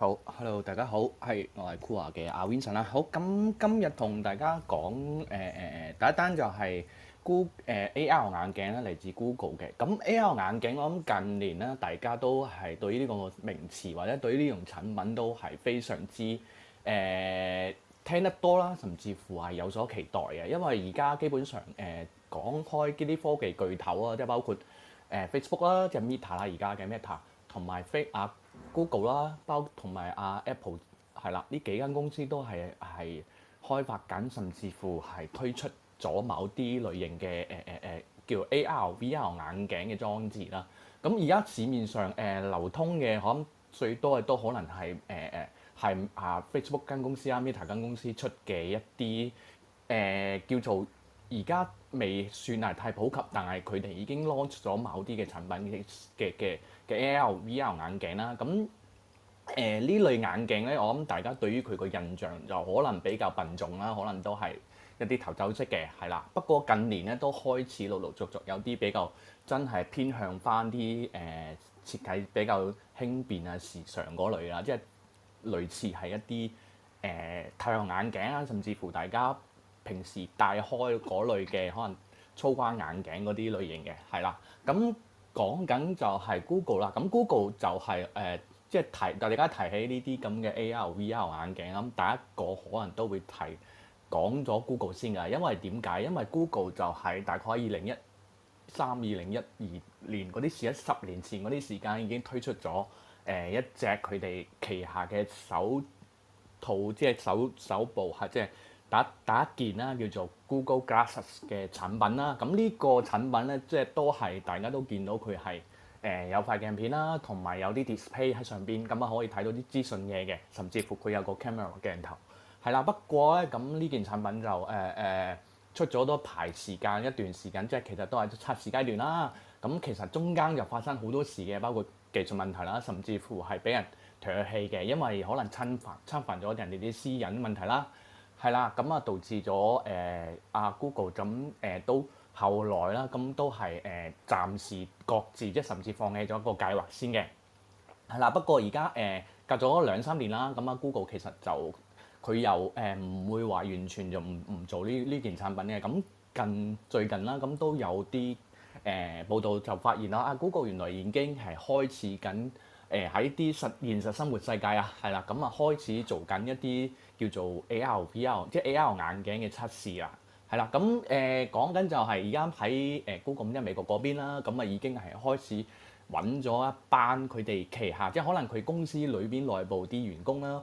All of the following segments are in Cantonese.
好，hello，大家好，係我係酷華嘅阿 Vincent 啦。好，咁今日同大家講，誒、呃、誒第一單就係 Go 誒 AR 眼鏡啦，嚟自 Google 嘅。咁 AR 眼鏡，我諗近年咧，大家都係對於呢個名詞或者對於呢種產品都係非常之誒、呃、聽得多啦，甚至乎係有所期待嘅。因為而家基本上，誒、呃、講開呢啲科技巨頭啊，即係包括誒 Facebook 啦，即係 Meta 啦，而家嘅 Meta 同埋 Facebook。Google 啦，包同埋阿 Apple 係啦，呢幾間公司都係係開發緊，甚至乎係推出咗某啲類型嘅誒誒誒叫 AR、VR 眼鏡嘅裝置啦。咁而家市面上誒、呃、流通嘅，我諗最多嘅都可能係誒誒、呃、係啊 Facebook 間公司啊 Meta 間公司出嘅一啲誒、呃、叫做。而家未算係太普及，但係佢哋已經 launch 咗某啲嘅產品嘅嘅 AR、VR 眼鏡啦。咁誒呢類眼鏡呢，我諗大家對於佢個印象就可能比較笨重啦，可能都係一啲頭走式嘅係啦。不過近年咧都開始陸陸續續有啲比較真係偏向翻啲誒設計比較輕便啊、時尚嗰類啦，即係類似係一啲誒、呃、太陽眼鏡啊，甚至乎大家平時戴開嗰類嘅可能粗框眼鏡嗰啲類型嘅係啦，咁講緊就係 Google 啦，咁、嗯、Google 就係、是、誒、呃，即係提，大家提起呢啲咁嘅 AR、VR 眼鏡，咁、嗯、第一個可能都會提講咗 Google 先嘅，因為點解？因為 Google 就喺大概二零一三、二零一二年嗰啲時，喺十年前嗰啲時間已經推出咗誒、呃、一隻佢哋旗下嘅手套，即係手手部嚇，即係。打打一件啦，叫做 Google Glasses 嘅產品啦。咁呢個產品咧，即係都係大家都見到佢係誒有塊鏡片啦，同埋有啲 display 喺上邊咁啊，可以睇到啲資訊嘢嘅，甚至乎佢有個 camera 鏡頭係啦。不過咧，咁呢件產品就誒誒、呃呃、出咗多排時間一段時間，即係其實都係測試階段啦。咁其實中間就發生好多事嘅，包括技術問題啦，甚至乎係俾人唾棄嘅，因為可能侵犯侵犯咗人哋啲私隱問題啦。係啦，咁啊導致咗誒阿 Google 咁誒、呃、都後來啦，咁都係誒、呃、暫時擱置，即係甚至放棄咗個計劃先嘅。係啦，不過而家誒隔咗兩三年啦，咁啊 Google 其實就佢又誒唔、呃、會話完全就唔唔做呢呢件產品嘅。咁近最近啦，咁、啊、都有啲誒、呃、報道就發現啦，阿、啊、Google 原來已經係開始緊。誒喺啲實現實生活世界啊，係啦，咁啊開始做緊一啲叫做 AR、VR，即係 AR 眼鏡嘅測試啦，係啦，咁、嗯、誒講緊就係而家喺誒 Google 即係美國嗰邊啦，咁啊已經係開始揾咗一班佢哋旗下，即係可能佢公司裏邊內部啲員工啦，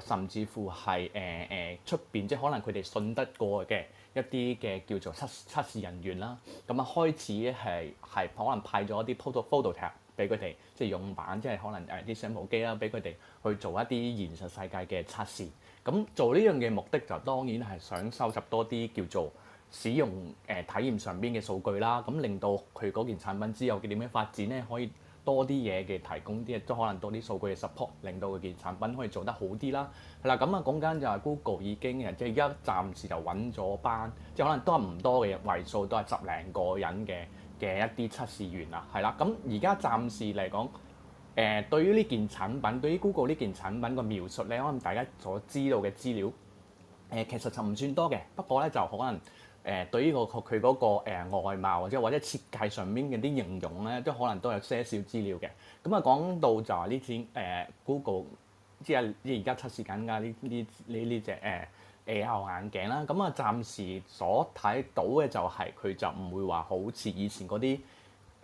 甚至乎係誒誒出邊，即係可能佢哋信得過嘅一啲嘅叫做測測試人員啦，咁啊開始係係可能派咗一啲 photo 俾佢哋即係用版，即係可能誒啲 sample 機啦，俾佢哋去做一啲現實世界嘅測試。咁做呢樣嘅目的就當然係想收集多啲叫做使用誒、呃、體驗上邊嘅數據啦。咁令到佢嗰件產品之後嘅點樣發展咧，可以多啲嘢嘅提供啲，都可能多啲數據嘅 support，令到佢件產品可以做得好啲啦。係啦咁啊，講緊就係 Google 已經誒，即係而家暫時就揾咗班，即係可能都係唔多嘅位數，為數都係十零個人嘅。嘅一啲測試員啊，係啦，咁而家暫時嚟講，誒、呃、對於呢件產品，對於 Google 呢件產品個描述咧，可能大家所知道嘅資料，誒、呃、其實就唔算多嘅。不過咧就可能誒、呃、對呢、那個佢嗰個外貌或者或者設計上面嘅啲形容咧，都可能都有些少資料嘅。咁、嗯、啊講到就係呢次誒、呃、Google 即係而家測試緊㗎呢呢呢呢隻誒。AR 眼鏡啦，咁啊，暫時所睇到嘅就係、是、佢就唔會話好似以前嗰啲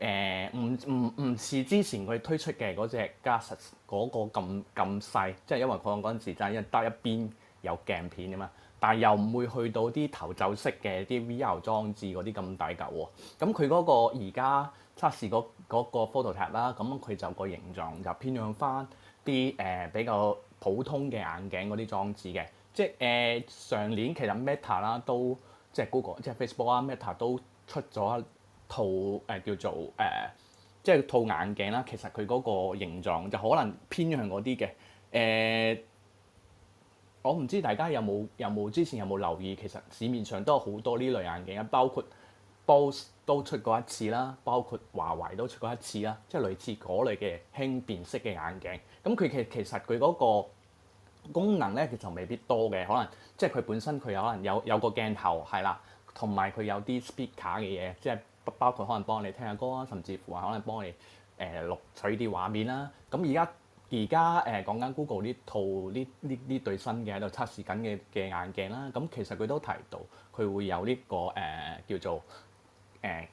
誒唔唔唔似之前佢推出嘅嗰隻 Glass 嗰個咁咁細，即係因為佢嗰陣時真係得一邊有鏡片啊嘛，但係又唔會去到啲頭罩式嘅啲 VR 裝置嗰啲咁大嚿喎。咁佢嗰個而家測試嗰個 PhotoTap 啦，咁佢就個形狀就偏向翻啲誒比較普通嘅眼鏡嗰啲裝置嘅。即係、呃、上年其實 Meta 啦都即係 Google 即係 Facebook 啊 Meta 都出咗一套誒、呃、叫做誒、呃、即係套眼鏡啦。其實佢嗰個形狀就可能偏向嗰啲嘅誒。我唔知大家有冇有冇之前有冇留意？其實市面上都有好多呢類眼鏡啊，包括 Bose 都出過一次啦，包括華為都出過一次啦，即係類似嗰類嘅輕便式嘅眼鏡。咁佢其其實佢嗰個。功能咧，其實未必多嘅，可能即係佢本身佢有可能有有個鏡頭係啦，同埋佢有啲 speaker 嘅嘢，即係包括可能幫你聽下歌啊，甚至乎啊可能幫你誒、呃、錄取啲畫面啦。咁而家而家誒講緊 Google 呢套呢呢呢對新嘅喺度測試緊嘅嘅眼鏡啦。咁、啊、其實佢都提到佢會有呢、這個誒、呃、叫做誒、呃、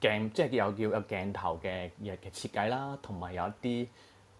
鏡，即係又叫有鏡頭嘅嘅設計啦，同、啊、埋有一啲誒、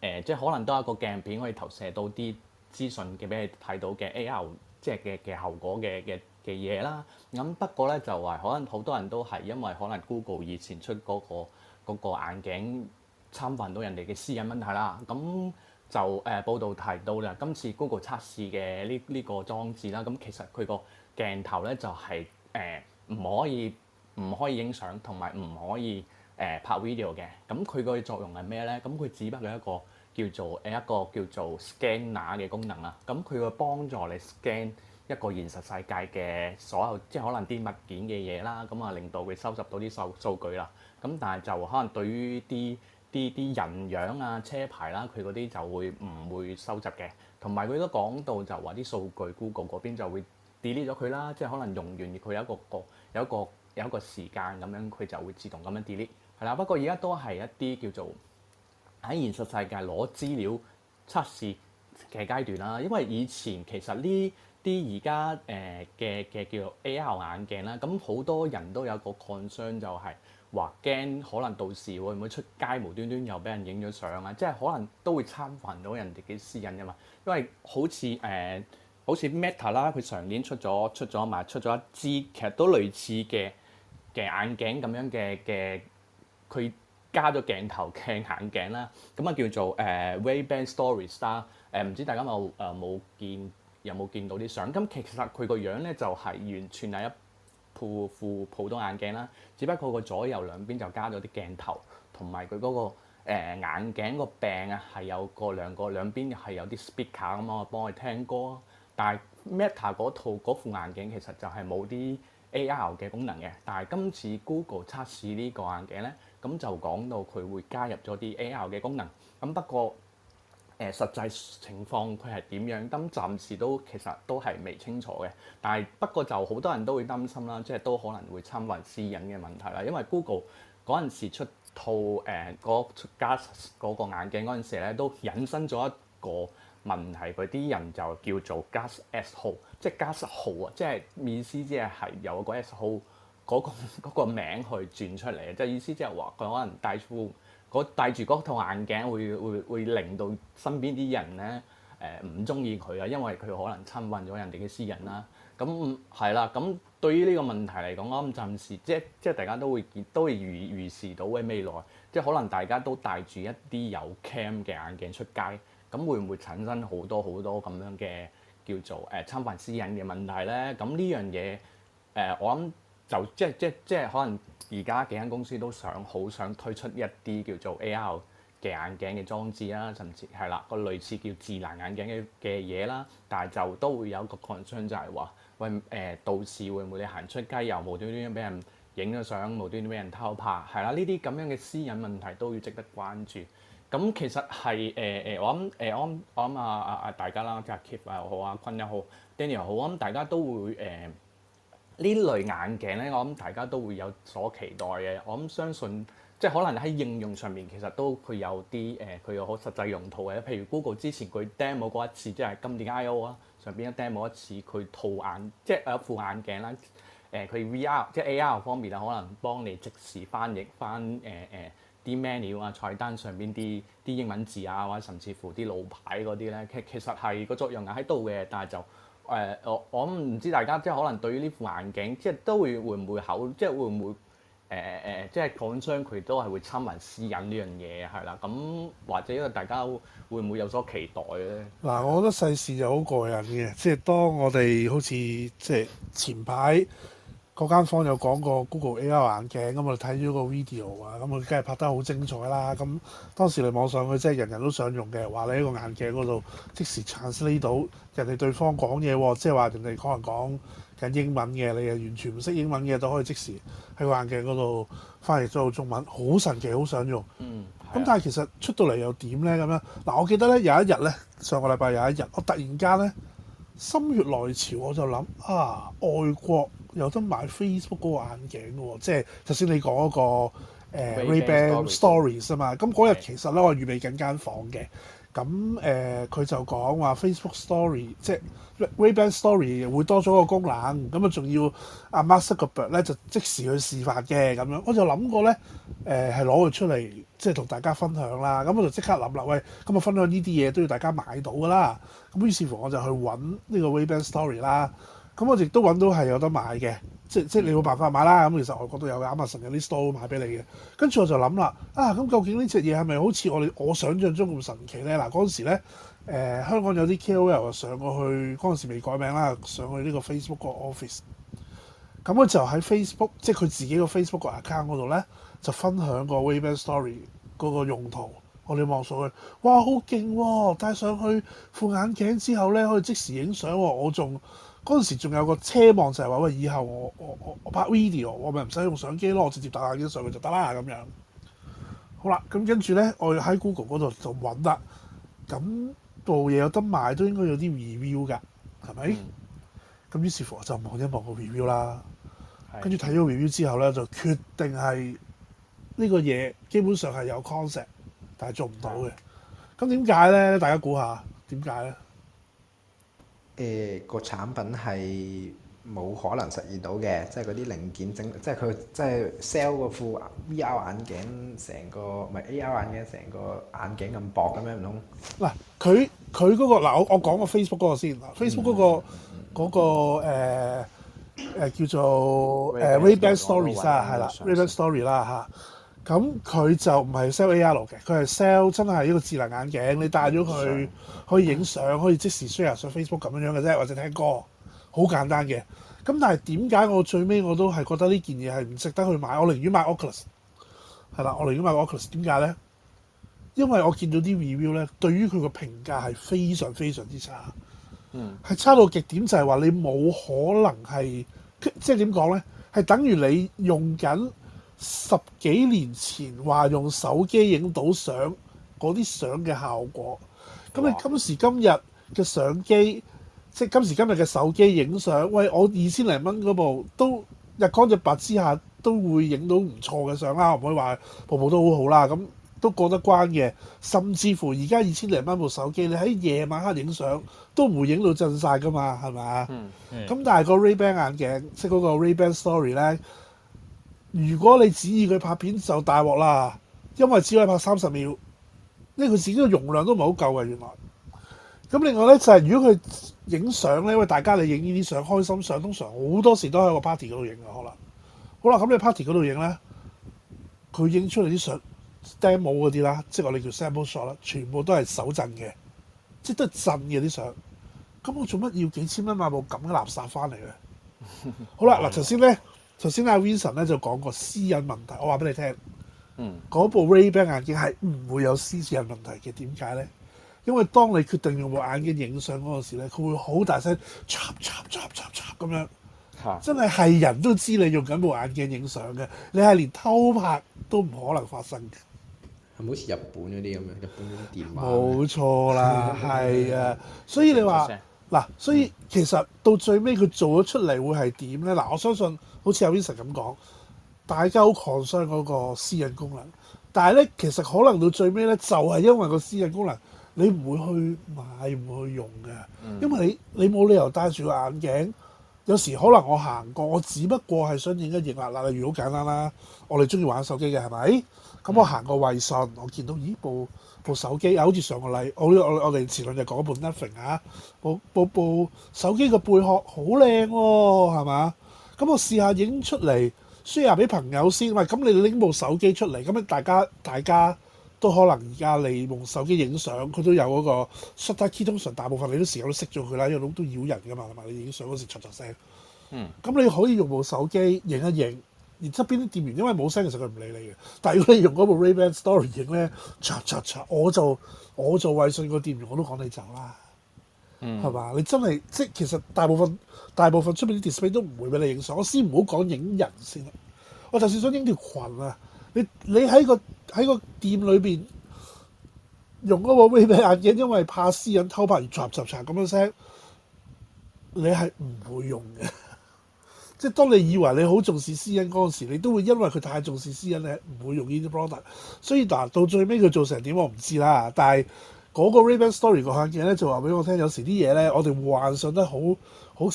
呃、即係可能都有一個鏡片可以投射到啲。資訊嘅俾你睇到嘅 AR 即係嘅嘅效果嘅嘅嘅嘢啦。咁不過咧就話可能好多人都係因為可能 Google 以前出嗰、嗰個嗰個眼鏡侵犯到人哋嘅私隱問題啦。咁就誒、呃、報道提到咧，今次 Google 測試嘅呢呢、呢個裝置啦，咁其實佢個鏡頭咧就係誒唔可以唔可以影相，同埋唔可以。誒拍 video 嘅，咁佢個作用係咩呢？咁佢只不過一個叫做誒、呃、一個叫做 scanner 嘅功能啦。咁佢會幫助你 scan 一個現實世界嘅所有，即係可能啲物件嘅嘢啦，咁啊令到佢收集到啲數數據啦。咁但係就可能對於啲啲啲人樣啊、車牌啦，佢嗰啲就會唔會收集嘅。同埋佢都講到就話啲數據 Google 嗰邊就會 delete 咗佢啦，即係可能用完佢有一個個有一個有一個，有一個時間咁樣，佢就會自動咁樣 delete。係啦，不過而家都係一啲叫做喺現實世界攞資料測試嘅階段啦。因為以前其實呢啲而家誒嘅嘅叫 AR 眼鏡啦，咁好多人都有個 concern 就係話驚可能到時會唔會出街無端端又俾人影咗相啊？即係可能都會侵犯到人哋嘅私隱㗎嘛。因為好似誒、呃、好似 Meta 啦，佢上年出咗出咗埋出咗一支其實都類似嘅嘅眼鏡咁樣嘅嘅。佢加咗鏡頭嘅眼鏡啦，咁啊叫做誒、呃、Ray-Ban Stories 啦，誒唔知大家有誒冇見有冇見到啲相？咁其實佢個樣咧就係完全係一副普通眼鏡啦，只不過個左右兩邊就加咗啲鏡頭，同埋佢嗰個、呃、眼鏡個柄啊係有個兩個兩邊係有啲 speaker 咁啊，我幫佢聽歌。但係 Meta 嗰套嗰副眼鏡其實就係冇啲 A.R. 嘅功能嘅，但係今次 Google 測試呢個眼鏡咧。咁就講到佢會加入咗啲 AR 嘅功能，咁不過誒、呃、實際情況佢係點樣，咁暫時都其實都係未清楚嘅。但係不過就好多人都會擔心啦，即係都可能會侵犯私隱嘅問題啦。因為 Google 嗰陣時出套誒嗰、呃、Glass 個眼鏡嗰陣時咧，都引申咗一個問題，佢啲人就叫做 Glasshole 即係 Glasshole 啊，即係意思即係有個 Glasshole 嗰、嗰個嗰個名去轉出嚟，即係意思即係話佢可能戴戴住嗰套眼鏡會會會令到身邊啲人咧誒唔中意佢啊，因為佢可能侵犯咗人哋嘅私隱啦。咁係啦，咁、嗯、對，對於呢個問題嚟講，啱諗暫時即即係大家都會都預預視到喺未來，即係可能大家都戴住一啲有 cam 嘅眼鏡出街，咁、嗯、會唔會產生好多好多咁樣嘅叫做誒、呃、侵犯私隱嘅問題咧？咁呢樣嘢誒、呃，我諗。呃就即係即係即係，可能而家幾間公司都想好想推出一啲叫做 AR 嘅眼鏡嘅裝置啦，甚至係啦個類似叫智能眼鏡嘅嘅嘢啦，但係就都會有個 Concern 就係話，喂誒到時會唔會你行出街又無端端俾人影咗相，無端端俾人偷拍，係啦呢啲咁樣嘅私隱問題都要值得關注。咁其實係誒誒，我諗誒、呃、我諗、呃、我諗啊啊啊大家啦，即係 Keep 又好，阿坤又好，Danny 又好，我、啊、諗、啊啊呃啊、大家都會誒。啊啊啊呢類眼鏡呢，我諗大家都會有所期待嘅。我諗相信，即係可能喺應用上面其實都佢有啲誒，佢、呃、有好實際用途嘅。譬如 Google 之前佢 demo 過一次，即係今年 I/O 啊上邊一 demo 一次，佢套眼即係有一副眼鏡啦。佢、呃、VR 即係 AR 方面啊，可能幫你即時翻譯翻誒誒啲 menu 啊，呃呃、菜單上邊啲啲英文字啊，或者甚至乎啲路牌嗰啲呢。其實其實係個作用喺度嘅，但係就。誒、呃，我我唔知大家即係可能對於呢副眼鏡，即係都會會唔會好、呃，即係會唔會誒誒誒，即係講傷佢都係會親民私隱呢樣嘢係啦。咁、嗯、或者大家會唔會有所期待咧？嗱，我覺得世事就好過癮嘅，即係當我哋好似即係前排。嗰間房有講過 Google AR 眼鏡咁，我哋睇咗個 video 啊，咁佢梗係拍得好精彩啦。咁當時嚟網上佢即係人人都想用嘅，話你喺個眼鏡嗰度即時 translate 到人哋對方講嘢喎，即係話人哋可能講緊英文嘅，你又完全唔識英文嘅都可以即時喺個眼鏡嗰度翻譯做到中文，好神奇，好想用。嗯，咁、啊、但係其實出到嚟又點呢？咁樣嗱，我記得呢有一日呢，上個禮拜有一日，我突然間呢，心血來潮，我就諗啊，外國，有得買 Facebook 嗰個眼鏡喎、哦，即係頭先你講嗰、那個、呃、Ray-Ban Stories 啊嘛，咁嗰日其實咧我預備緊間房嘅，咁誒佢就講話 Facebook Story 即係 Ray-Ban Story 會多咗個功能，咁、嗯、啊仲要阿 Mark Zuckerberg 咧就即時去示範嘅咁樣，我就諗過咧誒係攞佢出嚟即係同大家分享啦，咁、嗯、我就即刻諗啦，喂咁啊分享呢啲嘢都要大家買到㗎啦，咁、嗯、於是乎我就去揾呢個 Ray-Ban Story 啦。咁我亦都揾到係有得買嘅，即即你冇辦法買啦。咁其實外國都有嘅，Amazon 有啲 store 買俾你嘅。跟住我就諗啦，啊咁究竟呢隻嘢係咪好似我哋我想象中咁神奇咧？嗱嗰陣時咧，誒、呃、香港有啲 K.O.L. 就上過去嗰陣時未改名啦，上過去呢個 Facebook off 個 office。咁我就喺 Facebook，即佢自己個 Facebook account 嗰度咧，就分享個 Ray-Ban Stories 嗰個用途。我哋望上去，哇好勁喎！戴、哦、上去副眼鏡之後咧，可以即時影相、哦。我仲～嗰陣時仲有個奢望就係話，喂，以後我我我我拍 video，我咪唔使用相機咯，我直接打眼鏡上去就得啦，咁樣好。好啦，咁跟住咧，我喺 Google 嗰度就揾啦。咁部嘢有得賣都應該有啲 review 㗎，係咪？咁、嗯、於是乎就望一望個 review 啦。跟住睇咗個 review 之後咧，就決定係呢、這個嘢基本上係有 concept，但係做唔到嘅。咁點解咧？大家估下點解咧？誒、呃那個產品係冇可能實現到嘅，即係嗰啲零件整，即係佢即係 sell 個副 VR 眼鏡成個，唔係 AR 眼鏡成個，個眼鏡咁薄咁樣唔通？嗱，佢佢嗰個嗱、啊，我我講個 Facebook 嗰個先、啊嗯、Facebook 嗰、那個嗰、嗯那個、呃呃、叫做誒 Ray-Ban Ray Stories 啦，係啦、嗯、Ray-Ban Story 啦、啊、嚇。啊咁佢、嗯、就唔係 sell AR 嘅，佢係 sell 真係一個智能眼鏡。你戴咗佢可以影相，可以即時 share 上 Facebook 咁樣嘅啫，或者聽歌，好簡單嘅。咁、嗯、但係點解我最尾我都係覺得呢件嘢係唔值得去買？我寧願買 Oculus 係啦，我寧願買 Oculus 點解咧？因為我見到啲 review 咧，對於佢個評價係非常非常之差，嗯，係差到極點，就係話你冇可能係即係點講咧，係等於你用緊。十幾年前話用手機影到相嗰啲相嘅效果，咁你今時今日嘅相機，哇即係今時今日嘅手機影相，喂，我二千零蚊嗰部都日光日白之下都會影到唔錯嘅相啦，我唔可以話部部都好好啦，咁都過得關嘅。甚至乎而家二千零蚊部手機，你喺夜晚黑影相都唔會影到震晒噶嘛，係咪啊？咁、嗯嗯、但係個 Ray-Ban 眼鏡，即係嗰個 Ray-Ban Story 呢。如果你指意佢拍片就大鑊啦，因為只可以拍三十秒，因為佢自己嘅容量都唔係好夠嘅原來。咁另外咧就係如果佢影相咧，因為大家你影呢啲相開心相，通常好多時都喺個 party 嗰度影嘅，好啦，好啦，咁你 party 嗰度影咧，佢影出嚟啲相 demo 嗰啲啦，即係我哋叫 sample shot 啦，全部都係手震嘅，即係都係震嘅啲相。咁我做乜要幾千蚊買部咁嘅垃圾翻嚟呢？好啦，嗱， 頭先咧。首先阿 Winson 咧就講過私隱問題，我話俾你聽，嗯，嗰部 Ray-Ban 眼鏡係唔會有私隱問題嘅，點解咧？因為當你決定用部眼鏡影相嗰陣時咧，佢會好大聲，chop chop chop chop chop 咁樣，哈真係係人都知你用緊部眼鏡影相嘅，你係連偷拍都唔可能發生嘅，係咪好似日本嗰啲咁樣？日本啲電話，冇錯啦，係啊， 所以你話。嗱，所以其實到最尾佢做咗出嚟會係點呢？嗱，我相信好似阿 Vincent 咁講，大家好狂傷嗰個私隱功能，但係呢，其實可能到最尾呢，就係、是、因為個私隱功能，你唔會去買唔會去用嘅，因為你你冇理由戴住個眼鏡，有時可能我行過，我只不過係想影一影啦，例如好簡單啦，我哋中意玩手機嘅係咪？咁我行過衞生，我見到咦部，部手機啊，好似上個禮，我我我哋前兩日講部 Nothing 啊，部部部手機嘅背殼好靚喎，係嘛？咁我試下影出嚟 share 俾朋友先，咪咁你拎部手機出嚟，咁樣大家大家都可能而家用部手機影相，佢都有嗰個 shutdown key，通常大部分你啲時間都熄咗佢啦，因為都都擾人㗎嘛，係嘛？你影相嗰時嘈嘈聲，嗯，咁你可以用部手機影一影。而側邊啲店員因為冇聲，其實佢唔理你嘅。但係如果你用嗰部 Rayban Story 影咧，嚓嚓嚓，我就我做衛訊個店員我都趕你走啦，係嘛、嗯？你真係即係其實大部分大部分出面啲 display 都唔會俾你影相。我先唔好講影人先啦，我就算想影條裙啊，你你喺個喺個店裏邊用嗰個 Rayban 眼鏡，因為怕私隱偷拍，而嚓嚓嚓咁樣聲，你係唔會用嘅。即係當你以為你好重視私隱嗰陣時，你都會因為佢太重視私隱咧，唔會用呢啲 product。所以嗱到最尾佢做成點，我唔知啦。但係嗰個 Ray-Ban story 個客嘅咧，就話俾我聽，有時啲嘢咧，我哋幻想得好好，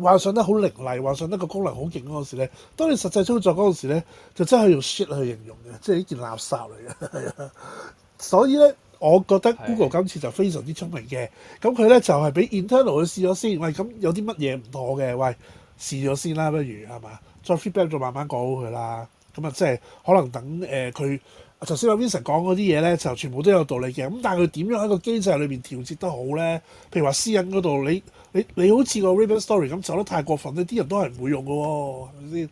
幻想得好凌厲，幻想得個功能好勁嗰陣時咧，當你實際操作嗰陣時咧，就真係用 shit 去形容嘅，即係一件垃圾嚟嘅，係啊。所以咧，我覺得 Google 今次就非常之聰明嘅。咁佢咧就係俾 internal 去試咗先，喂咁有啲乜嘢唔妥嘅，喂。試咗先啦，不如係嘛？再 feedback，再慢慢講好佢啦。咁、嗯、啊，即係可能等誒佢，頭先阿 Vincent 講嗰啲嘢咧，就全部都有道理嘅。咁但係佢點樣喺個機制裏邊調節得好咧？譬如話私隱嗰度，你你你好似個 Ray-Ban Story 咁走得太過分咧，啲人都係唔會用㗎喎，哦，係咪先？